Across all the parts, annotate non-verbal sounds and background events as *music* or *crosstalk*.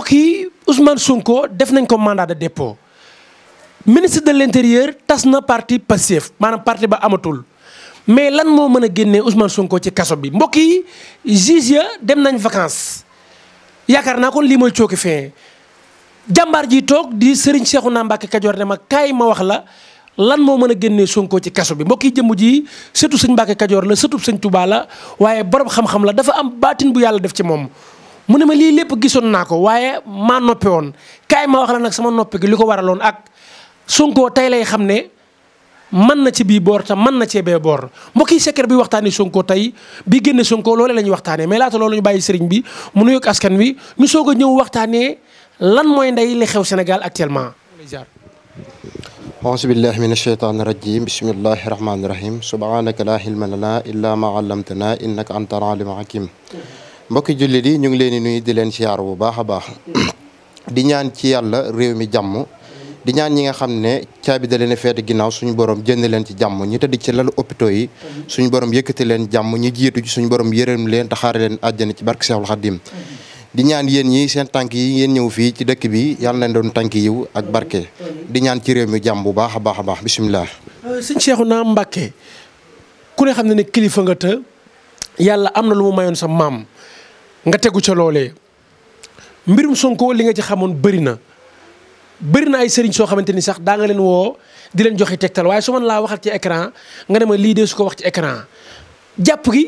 mbokk yi Ousmane Sonko def nañ ko mandat de dépôt ministre de l' intérieur tas na parti Pastef maanaam parti ba amatul mais lan moo mën a génnee Ousmane Sonko ci kaso bi mbokk yi juge ya dem nañ vacances yaakaar naa kon lii mooy cooki fin jàmbaar ji toog di Serigne Cheikhouna Kajoor ne ma kaay ma wax la lan moo mën a génnee Sonko ci kaso bi mbokk yi jëmm ji surtout sëñ Mbacké Kajoor la surtout sëñ Touba la waaye borom xam-xam la dafa am baatin bu yàlla def ci moom. mu ne ma lii lépp gisoon naa ko waaye ma noppi woon kaay ma wax la nag sama noppi li ko waraloon ak sunkoo tey lay xam ne mën na ci bii boor te mën na cee bee boor mbokk yi secret bi waxtaanee Sonko tey bi génne Sonko loolee la ñuy waxtaanee mais laata lool ñu bàyyi sëriñ bi mu nuyoog askan wi ñu soog a ñëw waxtaanee lan mooy ndey li xew Sénégal actuellement. auzu billahi min asheytaani rajim bismillahi rahmaani rahim subhanaka laa ilma lanaa illaa maa allamtanaa innaka anta mbokki jullit yi ñu ngi leen di nuyu di leen siyaar bu baax a baax *coughs* di ñaan ci yàlla réew mi jàmm di ñaan ñi nga xam ne caabi da leen a ginnaaw suñu borom jënd leen ci jàmm ñu tëdd ci lalu hôpitaux yi suñu borom yëkkati leen jàmm ñu jiitu ci suñu borom yërëm leen taxaare leen àjjana ci barke Seexul Xaddim di ñaan yéen ñi seen tànk yi ngeen ñëw fii ci dëkk bi yàlla nañ doon tànk yiw ak barke di ñaan ci réew mi jàmm bu baax a baax a baax bisimilah euh, sëñ Cheikhouna Mbacké ku xam ne ne kilifa nga am na lu mu sa maam nga tegu ca loole mbirum Sonko li nga ci xamoon bëri na bëri na ay sëriñ soo xamante ni sax daa nga leen woo di leen joxe tegtal waaye su man laa waxal ci écran nga ne ma lii dee su ko wax ci écran jàpp gi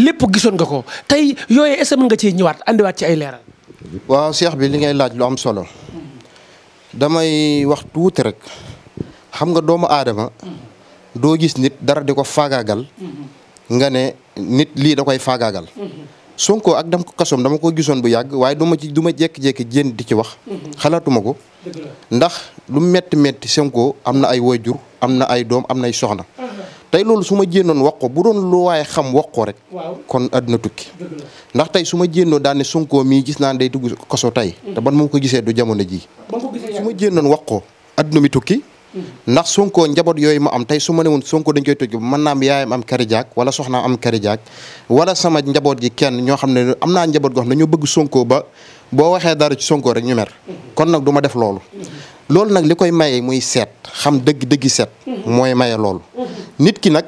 lépp gisoon nga ko tey yooyu est nga cee ñëwaat andiwaat ci ay leeral. waaw Cheikh bi li ngay laaj lu solo damay wax tuuti xam nga doomu aadama doo gis nit dara di ko faagaagal nga ne nit lii da koy faagaagal. Sonko ak dam ko kasoom dama ko gisoon bu yàgg waaye duma ma ci du jékki-jékki jéen di ci wax. xalaatuma ko. ndax lu metti métti Sonko am na ay waajur am na ay doom am na ay soxna. tey loolu su ma jéenoon wax ko bu doon lu waaye xam wax ko rek. kon àdduna tukki. ndax tey su ma jéenoon daan ne mii gis naa day dugg kaso tey. te ban ko gisee du jamono jii. su ma wax ko àdduna mi tukki. ndax Sonko njaboot yooyu mu am tey su ma ne woon Sonko dañ koy tëj mën naa am yaayam am karijaak wala soxnaam am karijaak wala sama njaboot gi kenn ñoo xam ne am naa njaboot goo xam bëgg Sonko ba boo waxee dara ci Sonko rek ñu mer kon nag du ma def loolu loolu nag li koy maye muy seet xam dëgg dëgg seet mooy maye loolu nit ki nag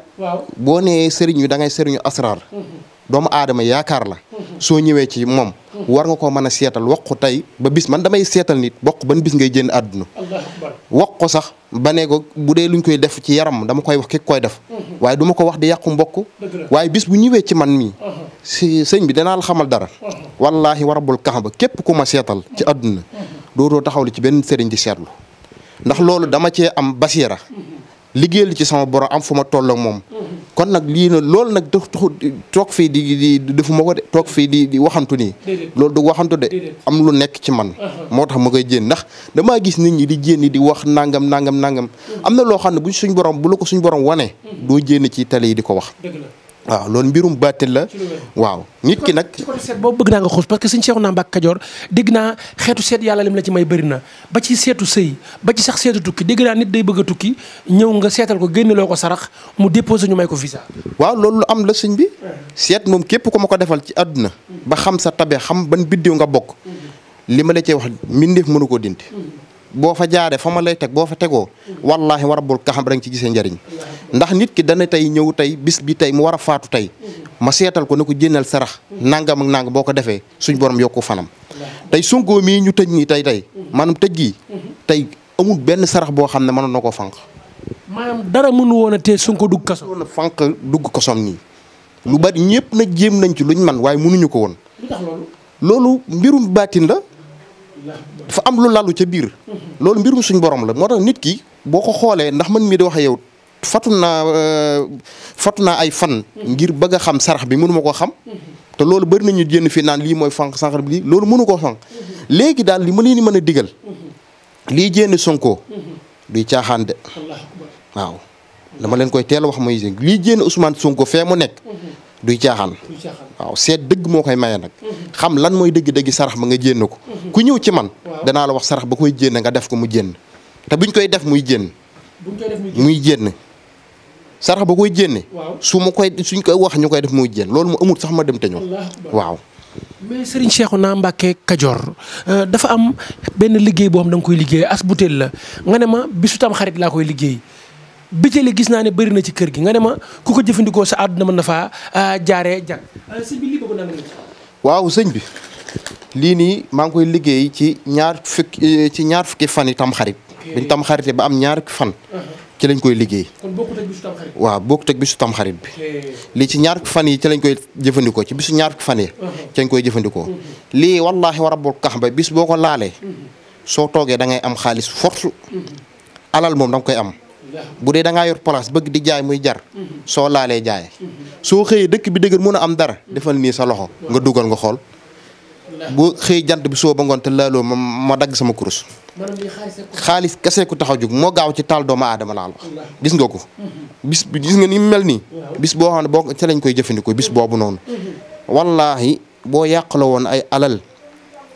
boo nee sëriñ wi da ngay sëriñu asraar uhuh. doomu aadama yaakaar la uhuh. soo ñëwee ci moom war nga koo mën a seetal wax ko tey ba bis man damay seetal nit bokk ban bis ngay jënd àdduna wax ko sax ba ne ko bu dee luñ koy def ci yaram dama koy wax ki koy def mhm. waaye duma ko wax di yàqu mbokk waaye bis bu ñëwee ci man mii mhm. si sëñ bi danaa la xamal dara mhm. wallaahi warabul kaxaba képp ku ma seetal ci àdduna dootoo taxaw li ci benn sëriñ di seetlu ndax loolu dama cee am basiira liggéeyal ci sama borom am fu ma toll moom kon nag lii na loolu nag tax toog fii di di defuma ko de toog fii di di waxantu ni loolu du waxantu de am lu nekk ci man uh-huh. moo tax ma koy jéem ndax damaa gis nit ñi di jéem di wax nangam nangam nangam mm-hmm. am na loo xam ne bu suñ borom bu la ko suñ borom wane mm-hmm. doo jéem ci tali yi di ko wax waaw loolu mbirum baatil la waaw nit ki nag ci kon bëgg naa nga xuus parce que suñu seexu naa mbàkk kajoor dégg naa xeetu seet yàlla lim la ci may bëri na ba ci seetu sëy ba ci sax seetu tukki dégg naa nit day bëgg a tukki ñëw nga seetal ko génne loo ko sarax mu déposé ñu may ko visa waaw loolu lu am la sëñ bi seet moom képp ko ma ko defal ci àdduna ba xam sa tabe xam ban biddiw nga bokk li ma la cee wax mbindeef mënu koo dindi boo fa jaaree fa ma lay teg boo fa tegoo wallaahi wa rabbul kaxam da nga ci gisee njariñ ndax nit ki dana tey ñëw tey bis bi tey mu war a faatu tey ma seetal ko ne ko jénnal sarax nangam ak nanga boo ko defee suñ borom yokku fanam tey sunkoo mii ñu tëj nii tey tey maanaam tëj gi tey amul benn sarax boo xam ne mënoon na koo fànq maanaam dara mënu woon a tee Sonko dugg kaso woon a fànq dugg kasoom nii lu bari ñëpp na jéem nañ ci luñ man waaye mënuñu ko woon loolu mbirum baatin la dafa am lu lalu ca biir. loolu mbirum suñ borom la moo tax nit ki boo ko xoolee ndax man mii de wax yow fatu na euh, fatu naa ay fan. ngir bëgg a xam sarax bi mënu ma koo xam. te loolu bëri nañu jënd fii naan lii mooy fànq sarax bi lii loolu mënu koo fànq. léegi daal li ma leen mën a digal. lii jénn Sonko. duy caaxaan de. waaw dama leen koy teel wax mooy lii jénn Ousmane Sonko fee nekk. duy caaxaan waaw seet dëgg moo koy maye nag mm-hmm. xam lan mooy dëgg-dëgg sarax ma nga jénn ko mm-hmm. ku ñëw ci man danaa la wax sarax ba koy jénn nga def ko mu jénn te buñ koy def muy jénn muy jénn sarax ba koy jénne su ma koy suñ koy wax ñu koy def muy jénn loolu mu amul sax ma dem te ñëw waaw mais Serigne Cheikhouna Mbacké Kajoor euh, dafa am benn liggéey boo xam da koy liggéey as butéel la nga ne ma bisu tam xarit laa koy liggéey bëccële gis naa ne bëri na ci kër gi nga ne ma ku ko jëfandikoo sa àdduna mën na faa ah, jaaree jàng euh, sëñ bi lii boobu nan la waaw sëñ bi lii nii maa ngi koy liggéey ci ñaar fukki euh, ci ñaar fukki fan yi tam xarit biñ tam xarite ba am ñaar fan uh-huh. ci lañ koy liggéey waaw bokkut ak bisu tam xarit bi lii ci ñaar fan yi ci lañ koy jëfandikoo ci bisu ñaar fan yi uh-huh. ci lañ koy jëfandikoo uh-huh. lii wallaahi wa rabbul kax ba bis boo ko laalee soo toogee da ngay am xaalis force alal moom da nga koy am bu dee da ngaa yor place bëgg di jaay muy jar soo laalee jaay soo xëyee dëkk bi dëgër mun a am dara defal nii sa loxo nga dugal nga xool bu xëy jant bi soo ba ngoon te laaloo ma ma dagg sama kurus xaalis kese ku taxaw jóg moo gaaw ci taal doomu aadama laal wax nga ko mhm. bis bi gis nga ni mel nii bis boo xam ne boo ca koy jëfandikoo bis boobu noonu mhm. wallaahi boo yàqaloo woon ay alal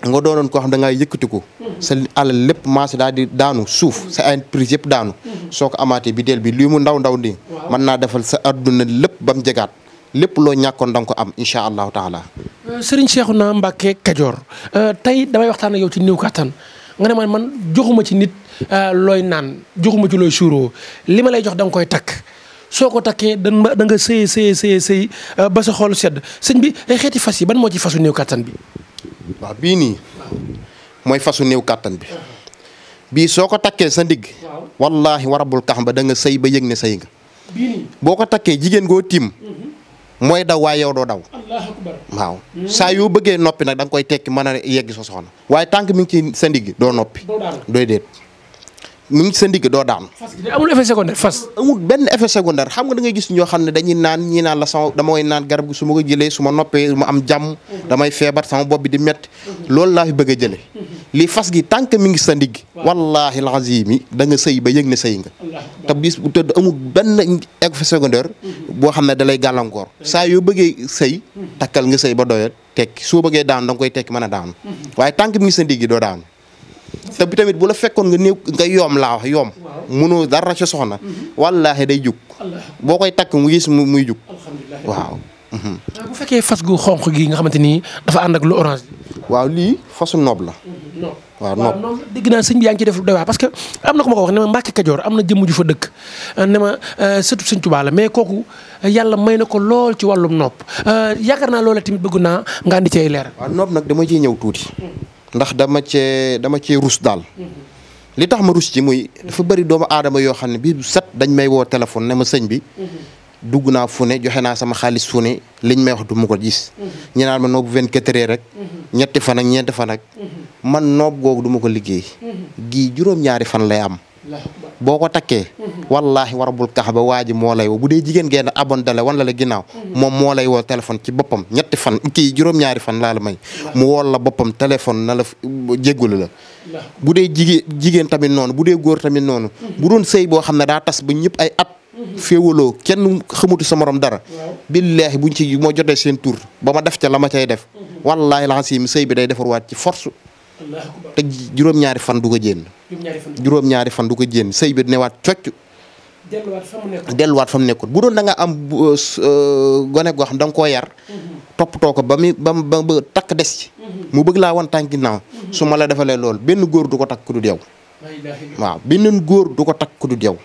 nga doonoon koo xam da ngaa yëkkatiku sa alal lépp maase daal di daanu suuf sa entreprise yëpp daanu soo ko amaatee bi deel bi lii mu ndaw ndaw nii mën naa defal sa adduna lépp ba mu jegaat lépp loo ñàkkoon da nga am incha allahu taala euh, sëriñ naa Mbacké Kajoor euh, tey damay waxtaan ak yow ci néew kattan nga ne man man joxuma ci nit euh, looy naan joxuma ci looy suuroo li ma lay jox da nga koy takk soo ko takkee dan da nga sëy sëy sëy sëy ba sa xool sedd sëñ bi ay xeeti fas yi ban moo ci fasu néew kattan bi waaw bii nii mooy fasu néew kàttan bi bii soo ko takkee sa ndigg wallaahi warabul kax ba danga nga sëy ba yëg ne sëy nga boo ko takkee jigéen goo tiim mhm. mooy daw waaye yow doo daw waaw mhm. saa yoo bëggee noppi nag danga koy tekki mën a yegg sa soxna waaye tànk mi ngi ci sa ndigg doo noppi doo déet mi ngi sa ndigg doo daan. amul effet secondaire fas. amul benn effet secondaire xam nga da ngay gis ñoo xam ne dañuy naan ñii naan la sama damay naan garab gi su ma ko jëlee suma noppee ma am jàmm. damay feebar sama bopp bi di mett loolu laa fi bëgg a jëlee. lii fas gi tant que mi ngi sa ndigg. wallahi lazim yi da nga sëy ba yëg ne sëy nga. te bis bu tëdd amul benn effet secondaire. boo xam ne da lay gàllankoor. saa yoo bëggee sëy. takkal nga sëy ba doyat tekki soo bëggee daan da nga koy tekki mën a daan. waaye tant mi ngi sa ndigg doo daan. tamit bu la fekkoon nga néew nga yoom laa wax yoom mënoo dara ci soxna mm-hmm. wallaahi day jug boo koy takk mu gis muy jug waaw mm-hmm. ah, bu fekkee fas gu xonq gi nga xamante ni dafa ànd ak lu orange waaw lii fasu noob la mm-hmm. waaw noob dégg naa sëñ bi yaa ngi ci def lu parce que am na ko wax ne ma Mbàkke Kajoor na jëmm ju fa dëkk ah, ne ma ah, surtout sëñ Tuubaa la mais kooku yàlla may na ko lool ci wàllum noob yaakaar naa loola tamit bëgg naa nga andi ci leer waaw noob nag dama ci ñëw tuuti mm. ndax dama cee dama cee rus daal mm-hmm. li tax ma rus ci muy dafa mm-hmm. bëri doomu aadama yoo xam ne bi set dañ may woo téléphone ne ma sëñ bi mm-hmm. dugg naa fu ne joxe naa sama xaalis fu ne liñ may wax du ma ko gis ñu ma noobu vint quatre rek ñetti fan ak ñeenti fan man noob googu du ma ko liggéey gii juróom-ñaari fan lay am boo ko takkee mhm. wallaahi wa rabbul kax ba waa ji moo lay woo bu dee jigéen gee abonné la wan la la ginnaaw mhm. moom moo lay woo téléphone ci boppam ñetti fan kii juróom-ñaari fan laa la may mu wool la boppam téléphone na la jéggulu la bu dee jigéen jigéen tamit noonu bu dee góor tamit noonu mhm. bu doon sëy boo xam ne daa tas ba ñëpp ay at féewaloo kenn xamutu sa morom dara billaahi bu ci moo jotee seen tur ba ma def ca la ma def wallaahi laxan si sëy bi day defarwaat ci force te juróom-ñaari fan du ko jénn juróom-ñaari fan du ko jénn sëy ne waat cocc delluwaat fa mu nekkoon bu doon da nga am euh, euh, gone goo xam da nga koo yar mhm. toppatoo ko ba mu ba ba ba takk des ci mhm. mu bëgg laa wan tànk naa mhm. su ma la defalee lool benn góor du ko takk ku dul yow waaw beneen góor du ko takk ku dul yow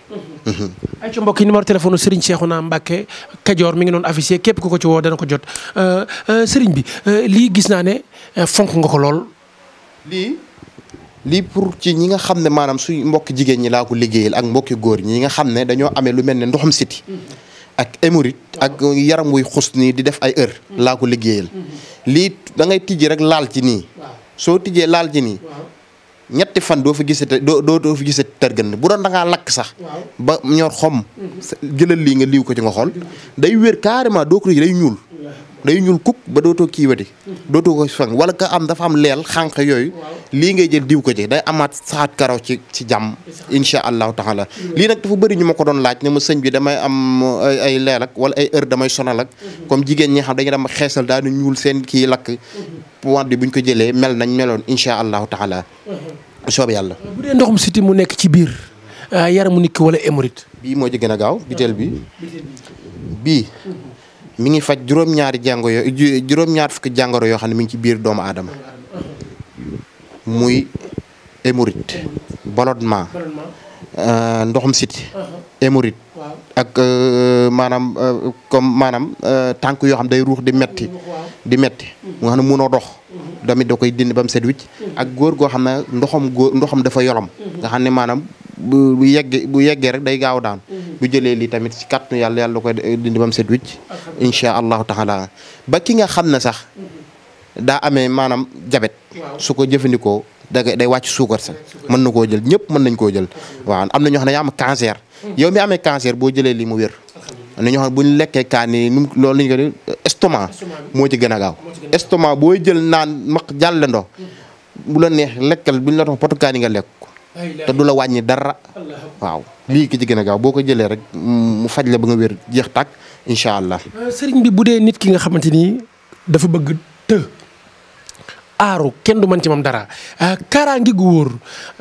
ay ci mbokk yi numéro téléphone Serigne Cheikhouna Mbacké Kajoor mi ngi noonu affiché képp ku ko ci woo dana ko jot euh, sëriñ bi lii gis naa ne fonk nga ko lool lii lii pour ci ñi nga xam ne maanaam suñu mbokk jigéen ñi laa ko liggéeyal ak mbokki góor ñi nga xam ne dañoo amee lu mel ne ndoxum siti mm-hmm. ak émorite ak yaram wuy xus nii di def ay heure mm-hmm. laa ko liggéeyal mm-hmm. lii da ngay tijji rek laal ci nii soo tijjee laal ci nii ñetti fan doo fa gisate doo doo fa gisate tërgën bu doon da lakk sax ba ñor xom jëlal lii nga liiw ko ci nga xool day wér carrément doo ko day ñuul day ñuul kuk ba dootoo kiiwati dootoo ko fang wala ka am dafa am leel xànq yooyu lii ngay jël diw ko ci day amaat saxaat karaw ci ci jàmm insha allahu taala lii nag dafa bëri ñu ma ko doon laaj ne ma sëñ bi damay am ay leel ak wala ay heure damay sonal ak mhm. comme jigéen ñi xam dañu dem xeesal daal di ñuul seen kii lakk pointe mhm. bi buñ ko jëlee mel nañ meloon insha allahu taala mhm. soob yàlla bu dee ndoxum siti mu nekk ci biir ah, yaramu mu nikk wala hémorroïde bii moo ci gën a gaaw biteel bi bii mi ngi faj juróom-ñaari jàngo yo juróom-ñaar fukki jàngoro yoo xam ne mi ngi ci biir doomu aadama muy hémorroïde ballonnement euh, ndoxum siti hémorroïde ak euh, maanaam euh, comme maanaam tànk yoo xam day ruux di metti di metti mu nga xam ne mënoo dox damit da koy dindi ba mu set wicc ak góor goo xam ne ndoxam góor ndoxam dafa yolom nga xam ne maanaam bu bu yeggee bu yeggee rek day gaaw daan bu jëlee lii tamit ci kàttanu yàlla yàlla koy dindi bam set wicc insha allahu taala ba ki nga xam ne sax daa amee maanaam jabet su ko jëfandikoo da day wàcc suukar sax mën na koo jël ñëpp mën nañ koo jël waaw am na ñoo xam a yaa am cancer yow mi amee cancer boo jëlee lii mu wér am na ñoo xam ne bu ñu lekkee kaan loolu lañ ko estomac moo ci gën a gaaw estomac booy jël naan maq jàlle bu la neex lekkal buñ ñu la dox potukaan yi nga lekk te du la wàññi dara waaw lii ki ci gën a gaaw boo ko jëlee rek mu faj la ba nga wér jeex tàkk incha allah. Euh, sëriñ bi bu dee nit ki nga xamante ni dafa bëgg të aaru kenn du man ci moom dara euh, kaaraange gu wóor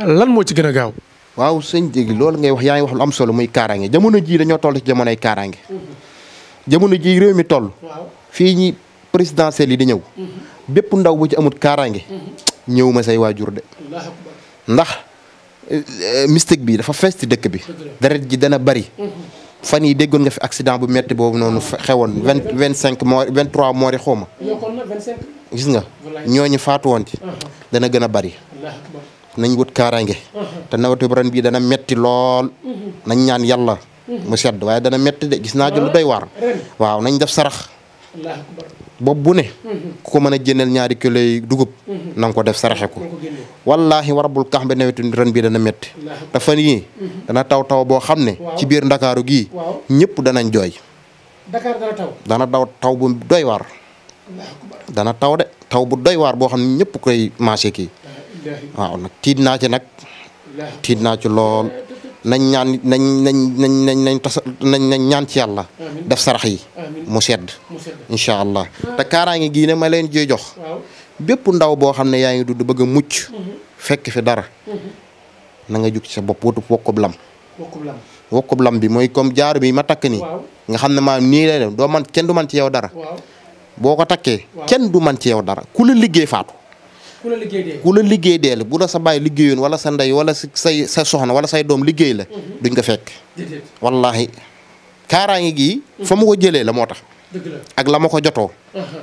lan moo ci gën a gaaw. waaw sëñ Dégg loolu ngay wax yaa ngi wax lu am solo muy kaaraange jamono jii dañoo toll ci jamonoy kaaraange mhm. jamono jii réew mi toll. fii ñi présidentielle yi di ñëw. Mhm. bépp ndaw bu ci amut kaaraange. Mhm. ñëw ma say waajur de. ndax. Euh, mystique bi dafa fees ci dëkk bi. deret ji dana bari. fan yi déggoon nga fi accident bu metti boobu noonu xewoon vingt vingt cinq mois vingt trois mois xaw gis nga ñooñu faatu woon ci. dana gën a bari. nañ wut kaaraange. te nawatu ren bii dana metti lool. nañ ñaan yàlla. mu sedd waaye dana metti de gis naa ci lu doy waar. waaw nañ def sarax. bopp bu ne mhm. ku ko mën a jëndeel ñaari kilo yi dugub mhm. na ko def saraxe ko wallaahi warabul kax ba nawetu ren bii dana métti te fan yii mhm. dana taw taw boo xam ne ci biir ndakaaru gi ñëpp danañ jooy dana taw daw taw bu doy waar dana taw de taw bu doy waar boo xam ne ñëpp koy marché kii waaw nag tiit naa ci nag tiit naa ci lool na ñaan nañ nañ nañ nañ nañ tasa ci yàlla def sarax yi mu sedd incha allah ah. te kaaraange gii ne ma leen ciy jox bépp ndaw boo xam ne yaa ngi du bëgg a mucc mhm. fekk fi dara mhm. na nga jug ci sa bopp wutub wokkub lam bi mooy comme jaar bi ma takk nii nga xam ne ma nii lay dem doo man kenn du man ci yow dara boo ko takkee kenn du man ci yow dara ku la liggéey faatu ku la liggéey dee ku bu la sa baay liggéeyoon wala sa ndey wala say sa soxna wala say doom liggéey la mhm. duñ ko fekk wallaahi kaaraange gi fo ma ko jëlee la moo tax. ak la ma ko jotoo.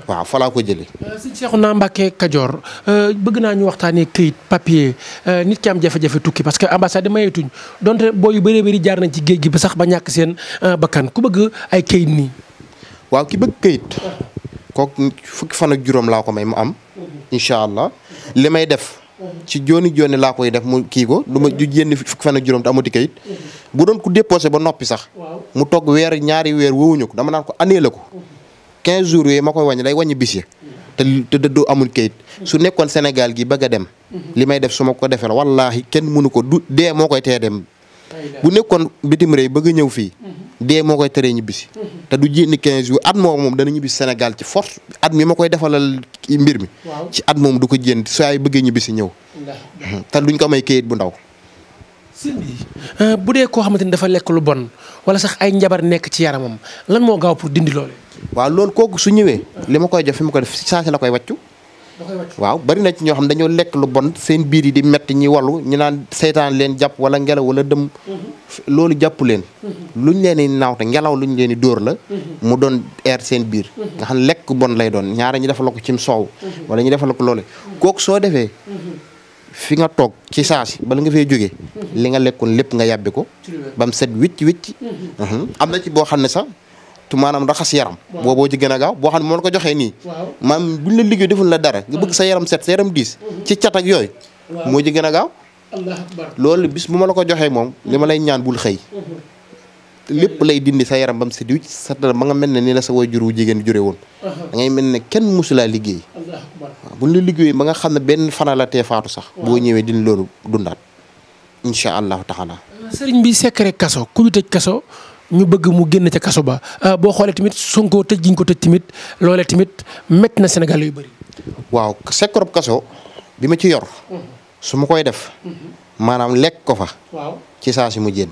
waaw fa laa ko jëlee. Euh, sëñ naa Mbacké Kajoor euh, bëgg naa ñu waxtaanee këyit papier euh, nit ki am jafe-jafe tukki parce que ambassade mayetuñ donte boo yu bëree bëri jaar nañ ci géej gi ba sax ba ñàkk seen bakkan ku bëgg ay këyit nii. waaw ki bëgg këyit. Ah. kooku fukki fan juróom laa ko may mu am. incha allah li may def. ci jooni jooni laa koy def mu kii ko du ma mm-hmm. ju yenn fukki fan ak juróom te amati kayit mm-hmm. bu doon ku déposé ba noppi sax mu toog weer ñaari weer wowuñu ko dama naan ko année ko 15 mm-hmm. jours yooyu ma koy wàññi day wàññi bis ya te te dëddoo amul kayit su nekkoon Sénégal gi bëgg a dem li may def su ma ko defee la wallaahi kenn mënu ko du dee moo koy tee dem bu nekkoon bitim réew bëgg ñëw fii dee moo koy teree ñibbisi. Mhm. te du jénn 15 jours at moom moom dana ñibbisi Sénégal ci force at mi ma koy defalal mbir mi. ci at moom du ko jénn saa yu bëggee ñibbisi ñëw. Mhm. te duñ ko may kayit bu ndaw. sëñ bi euh, bu dee koo xamante ni dafa lekk lu bon wala sax ay njabar nekk ci yaramam lan moo gaaw pour dindi loole. waaw lool kooku su ñëwee. li ma koy def fi ma ko def saa si la koy wàccu. waaw bari na ci ñoo xam dañoo lekk lu bon seen biir yi di metti ñi wallu ñu naan seytaan leen jàpp wala ngelaw wala dëm mhm. loolu jàpp leen mhm. luñ leen di naaw te ngelaw luñ leen di dóor la mhm. mu doon air seen biir nga xam lekk bon lay doon ñaara ñu defal ko cim soow wala ñu defal ko loole kook soo defee fi nga toog ci saasi bala nga fee jógee li nga lekkoon lépp nga yàbbi ko ba mu set wicc wicc am na ci boo xam ne sax maanaam raxas yaram booboo ci gën a gaaw boo xam ne moo ko joxee nii maam buñ la liggéey deful la dara nga bëgg sa yaram set sa yaram diis mhm. ci yooyu moo ci gën a gaaw loolu bu ma la ko joxee moom li ma lay ñaan bul xëy mhm. lépp lay dindi sa yaram bam set wicc ba nga mel ne ni la sa waajur jigéen jure woon ngay mel ne kenn musulaa liggéey waaw liggéey ba nga xam ne benn fana la tee faatu sax boo ñëwee dindi loolu dundaat incha allahu taala sëriñ bi secret kaso ku tëj kaso ñu bëgg mu génn ca kaso ba euh, boo xoolee tamit sunkoo tëj gi ko tëj tamit loolee tamit métti na Sénégal yu bëri. waaw sekkorob kaso bi ma ci yor. Mm-hmm. su ma koy def. Mm-hmm. maanaam lekk ko fa. waaw ci saa si mu génn.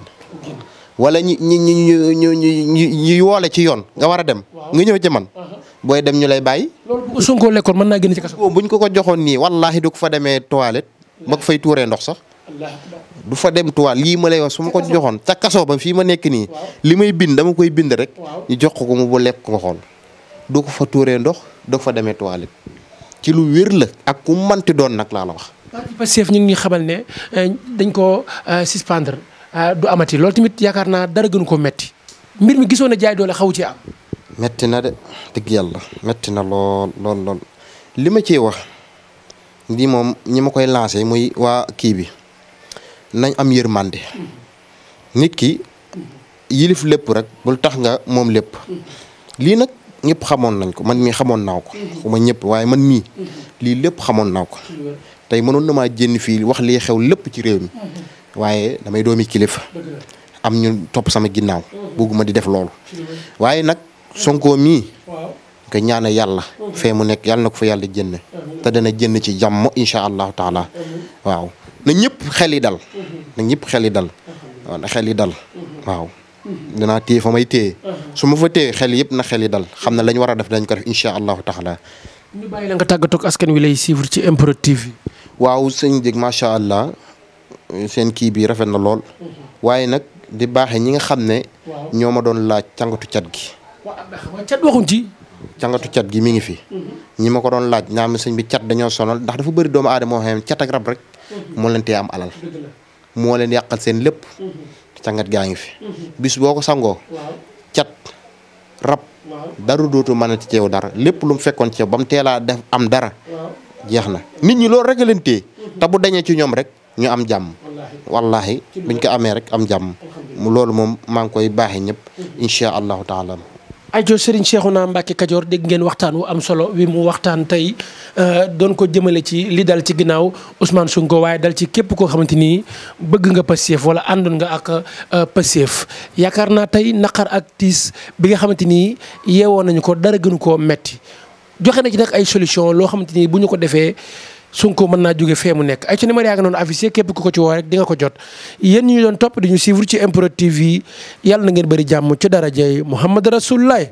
wala ñi ñi ñi ñu ñu ñu woole ci yoon nga war a dem. nga ñëw ci man. Uh-huh. booy dem ñu lay bàyyi. loolu Sonko lekkoon mën naa génn ci kaso. buñ ko ko joxoon nii wallaahi du ko fa demee toilette. ba ko fay tuuree ndox sax. du fa dem tuwaal lii ma lay wax su ma ko joxoon ca kaso ba fii ma nekk nii li may bind dama koy bind rek ñu jox ko mu ba lekk ko xool du ko fa tuure ndox du fa demee toilette ci lu wér la ak ku manti doon nag laa la wax Pastef ñu ngi xamal ne eh, dañ ko eh, suspendre eh, du amati loolu tamit yaakaar naa dara gënu ko metti mbir mi gisoon na jaay doole xaw ci am metti na de dëgg yàlla metti na lool lool lool li ma ciy wax lii moom ñi ma koy lancé muy waa kii bi nañ am yërmande nit ki yilif lépp rek bul tax nga moom lépp lii nag ñépp xamoon nañ ko man mii xamoon naa ko xuma ñëpp waaye man mii lii lépp xamoon naa ko tey mënoon na maa jénn fii wax lii xew lépp ci réew mi waaye damay doomi kilifa am ñu topp sama ginnaaw bëgguma di def loolu waaye nag Sonko mii nga ñaana yàlla fee mu nekk yàlla na ko fa yàlla jënn te dana jënn ci jàmm incha allahu taala waaw na ñëpp xel dal nag ñëpp xel yi dal waaw na xel yi dal waaw dinaa téye may téye su ma fa xel yëpp na xel yi dal xam ne la war a def dañ ko def incha allahu taala ñu tàggatoo ak askan wi lay suivre ci MPROD TV waaw sëñ jég macha allah seen kii bi rafet na lool waaye nag di baaxe ñi nga xam ne ñoo ma doon laaj cangatu cat gi cat waxuñ ci cangatu cat gi mi ngi fi mhm. ñi ma ko doon laaj ñaam sëñ bi cat dañoo sonal ndax dafa bari doomu aadama moo xam rab rek mhm. moo leen tee am alal moo leen yàqal seen lépp mm-hmm. cangat gaa ngi fi mm-hmm. bis boo ko sangoo cat rab dara dootu mënati ci yow dara lépp lu fekkoon ci yow ba mu teelaa def am dara jeex na nit ñi loolu rek a leen téye mm-hmm. te bu dañee ci ñoom rek ñu am jàmm wallahi buñ ko amee rek am jàmm mu loolu moom maa ngi koy baaxee ñëpp incha allahu taala ajo Serigne Cheikhouna Mbacké Kajoor dégg ngeen waxtaan wu am solo wi mu waxtaan tey euh, doon ko jëmale ci li dal ci ginnaaw Ousmane ko waaye dal ci képp koo xamante ni bëgg nga Pastef wala àndoon nga ak euh, Pastef yaakaar naa tey naqar ak tiis bi nga xamante ni yeewoon nañu ko dara gënu ko metti joxe na ci nag ay solution loo xamante ni bu ñu ko defee. Sonko mën naa jóge fee mu nekk ay ci numéro yaa ngi noonu affiché képp ku ko ci woo rek di nga ko jot yéen ñu doon topp di ñu suivre ci MPROD TV yàlla na ngeen bëri jàmm ci darajay Muhammad Rasulullah